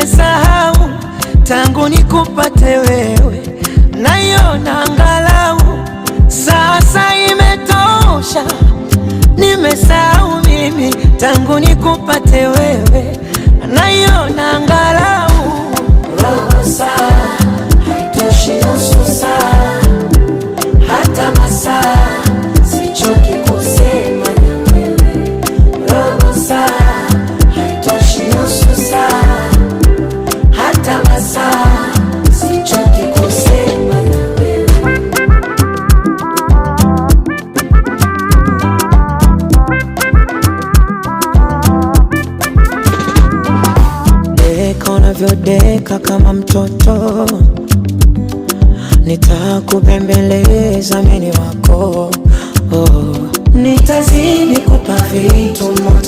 nimesahau tangu nikupate wewe, naiona angalau sasa imetosha. Nimesahau mimi tangu nikupate wewe, naiona angalau saa haitoshi, nusu saa hata masaa mpaka unavyodeka kama mtoto, nitakupembeleza mini wako oh. Nitazidi kupa vitu